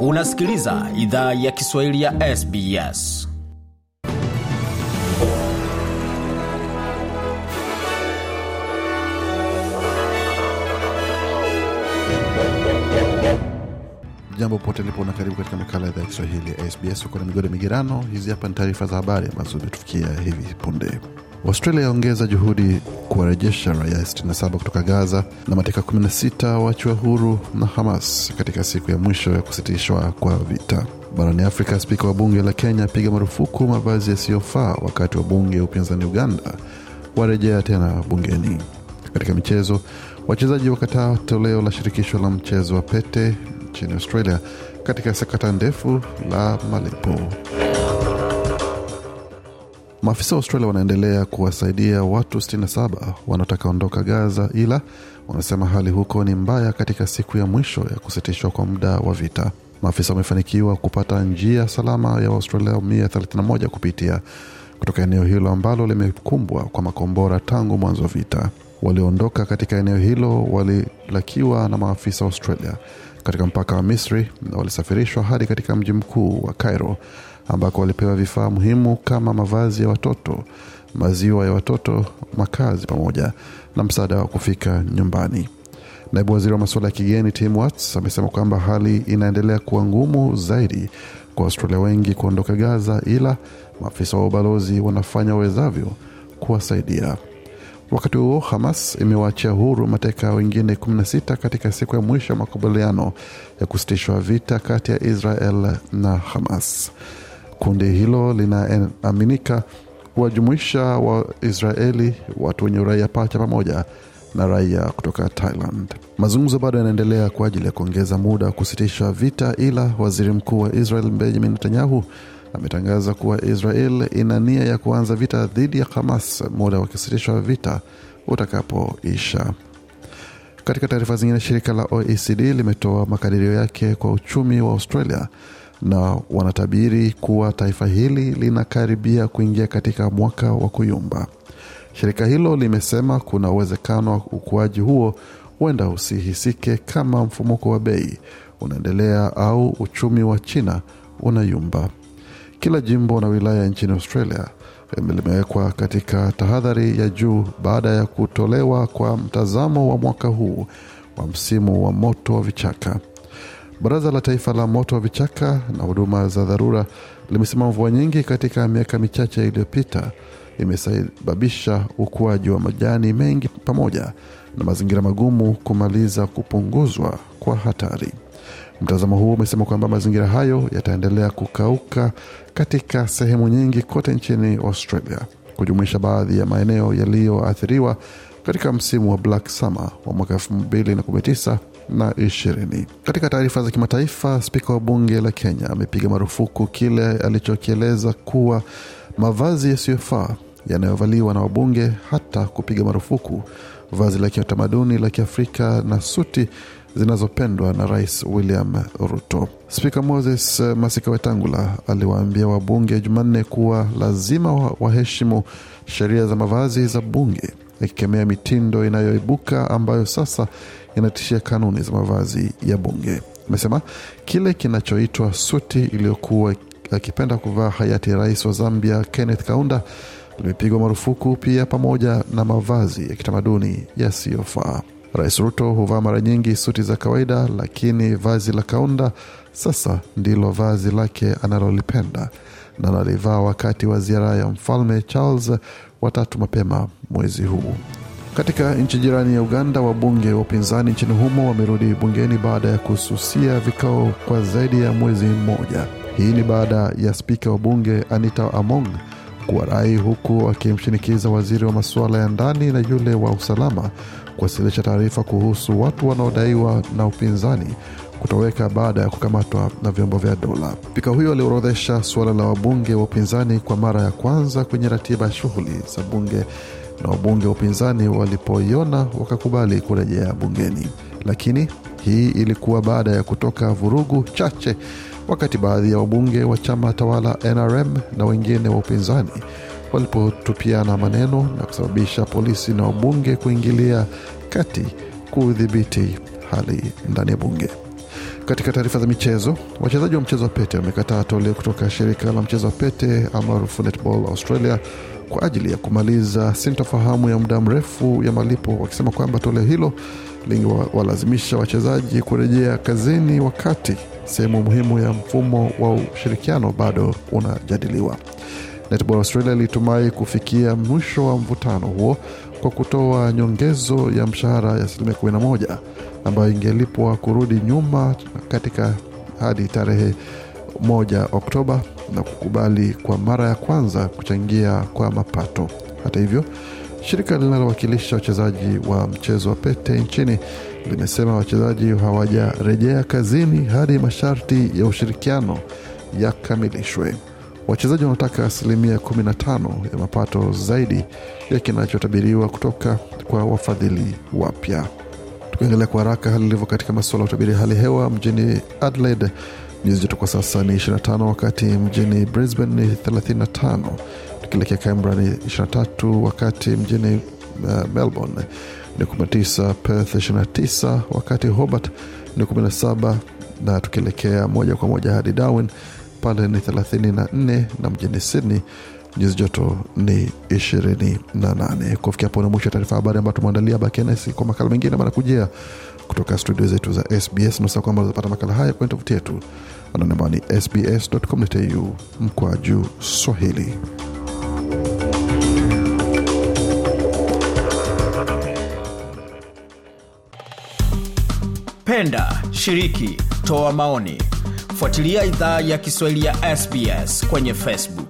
Unasikiliza idhaa ya Kiswahili ya SBS. Jambo pote lipo na karibu katika makala ya idhaa ya Kiswahili ya SBS huko na migode migerano Hizi hapa ni taarifa za habari ambazo zimetufikia hivi punde. Australia yaongeza juhudi kuwarejesha raia 67 kutoka Gaza na mateka 16 wachiwa huru na Hamas katika siku ya mwisho ya kusitishwa kwa vita. Barani Afrika, spika wa bunge la Kenya apiga marufuku mavazi yasiyofaa wakati wa bunge upinzani Uganda warejea tena bungeni. Katika michezo, wachezaji wakataa toleo la shirikisho la mchezo wa pete nchini Australia katika sakata ndefu la malipo. Maafisa wa Australia wanaendelea kuwasaidia watu 67 wanaotaka ondoka Gaza, ila wanasema hali huko ni mbaya katika siku ya mwisho ya kusitishwa kwa muda wa vita. Maafisa wamefanikiwa kupata njia salama ya Waustralia 131 kupitia kutoka eneo hilo ambalo limekumbwa kwa makombora tangu mwanzo wa vita. Walioondoka katika eneo hilo walilakiwa na maafisa wa Australia katika mpaka wa Misri na walisafirishwa hadi katika mji mkuu wa Cairo ambako walipewa vifaa muhimu kama mavazi ya watoto, maziwa ya watoto, makazi pamoja na msaada wa kufika nyumbani. Naibu waziri wa masuala ya kigeni Tim Watts amesema kwamba hali inaendelea kuwa ngumu zaidi kwa Australia wengi kuondoka Gaza, ila maafisa wa ubalozi wanafanya wawezavyo kuwasaidia. Wakati huo Hamas imewaachia huru mateka wengine 16 katika siku ya mwisho ya makubaliano ya kusitishwa vita kati ya Israel na Hamas. Kundi hilo linaaminika kuwajumuisha Waisraeli, watu wenye uraia pacha pamoja na raia kutoka Thailand. Mazungumzo bado yanaendelea kwa ajili ya kuongeza muda wa kusitisha vita, ila waziri mkuu wa Israel Benjamin Netanyahu ametangaza kuwa Israel ina nia ya kuanza vita dhidi ya Hamas muda wa kusitishwa vita utakapoisha. Katika taarifa zingine, shirika la OECD limetoa makadirio yake kwa uchumi wa Australia na wanatabiri kuwa taifa hili linakaribia kuingia katika mwaka wa kuyumba. Shirika hilo limesema kuna uwezekano wa ukuaji huo huenda usihisike kama mfumuko wa bei unaendelea au uchumi wa China unayumba. Kila jimbo na wilaya nchini Australia limewekwa katika tahadhari ya juu baada ya kutolewa kwa mtazamo wa mwaka huu wa msimu wa moto wa vichaka. Baraza la Taifa la Moto wa Vichaka na Huduma za Dharura limesema mvua nyingi katika miaka michache iliyopita imesababisha ukuaji wa majani mengi pamoja na mazingira magumu kumaliza kupunguzwa kwa hatari. Mtazamo huu umesema kwamba mazingira hayo yataendelea kukauka katika sehemu nyingi kote nchini Australia, kujumuisha baadhi ya maeneo yaliyoathiriwa katika msimu wa Black Summer wa mwaka 2019 na ishirini. Katika taarifa za kimataifa, spika wa bunge la Kenya amepiga marufuku kile alichokieleza kuwa mavazi yasiyofaa yanayovaliwa na wabunge, hata kupiga marufuku vazi la kiutamaduni la Kiafrika na suti zinazopendwa na Rais William Ruto. Spika Moses Masika Wetangula aliwaambia wabunge Jumanne kuwa lazima waheshimu sheria za mavazi za bunge akikemea mitindo inayoibuka ambayo sasa inatishia kanuni za mavazi ya bunge. Amesema kile kinachoitwa suti iliyokuwa akipenda kuvaa hayati rais wa Zambia Kenneth Kaunda limepigwa marufuku pia, pamoja na mavazi ya kitamaduni yasiyofaa. Rais Ruto huvaa mara nyingi suti za kawaida, lakini vazi la Kaunda sasa ndilo vazi lake analolipenda na wakati wa ziara ya mfalme Charles watatu mapema mwezi huu. Katika nchi jirani ya Uganda, wabunge wa upinzani nchini humo wamerudi bungeni baada ya kususia vikao kwa zaidi ya mwezi mmoja. Hii ni baada ya spika wa bunge Anita Among kuwarai huku akimshinikiza waziri wa masuala ya ndani na yule wa usalama kuwasilisha taarifa kuhusu watu wanaodaiwa na upinzani kutoweka baada ya kukamatwa na vyombo vya dola. Spika huyo aliorodhesha suala la wabunge wa upinzani kwa mara ya kwanza kwenye ratiba ya shughuli za bunge, na wabunge wa upinzani walipoiona wakakubali kurejea bungeni, lakini hii ilikuwa baada ya kutoka vurugu chache, wakati baadhi ya wabunge wa chama tawala NRM na wengine wa upinzani walipotupiana maneno na kusababisha polisi na wabunge kuingilia kati kudhibiti hali ndani ya bunge. Katika taarifa za michezo, wachezaji wa mchezo wa pete wamekataa toleo kutoka shirika la mchezo wa pete almaarufu Netball Australia kwa ajili ya kumaliza sintofahamu ya muda mrefu ya malipo, wakisema kwamba toleo hilo lingewalazimisha wachezaji kurejea kazini wakati sehemu muhimu ya mfumo wa ushirikiano bado unajadiliwa. Netball Australia ilitumai kufikia mwisho wa mvutano huo kwa kutoa nyongezo ya mshahara ya asilimia 11 ambayo ingelipwa kurudi nyuma katika hadi tarehe moja Oktoba na kukubali kwa mara ya kwanza kuchangia kwa mapato. Hata hivyo, shirika linalowakilisha wachezaji wa mchezo wa pete nchini limesema wachezaji hawajarejea kazini hadi masharti ya ushirikiano yakamilishwe. Wachezaji wanataka asilimia 15 ya mapato zaidi ya kinachotabiriwa kutoka kwa wafadhili wapya. Tukiangalia kwa haraka hali ilivyo katika masuala ya utabiri hali hewa mjini Adelaide nyuzi joto kwa sasa ni 25, wakati mjini Brisbane ni 35, tukielekea Canberra ni 23, wakati mjini uh, Melbourne ni 19, Perth 29, wakati Hobart ni 17, na tukielekea moja kwa moja hadi Darwin pale ni 34 na mjini Sydney nyuzi joto ni 28 kufikia hapo na mwisho wa taarifa habari ambayo tumeandalia bakia nasi kwa makala mengine kujia kutoka studio zetu za sbs nasa kwamba unazopata makala haya kwenye tovuti yetu ambao ni sbscomau mkwa juu swahili penda shiriki toa maoni fuatilia idhaa ya kiswahili ya sbs kwenye facebook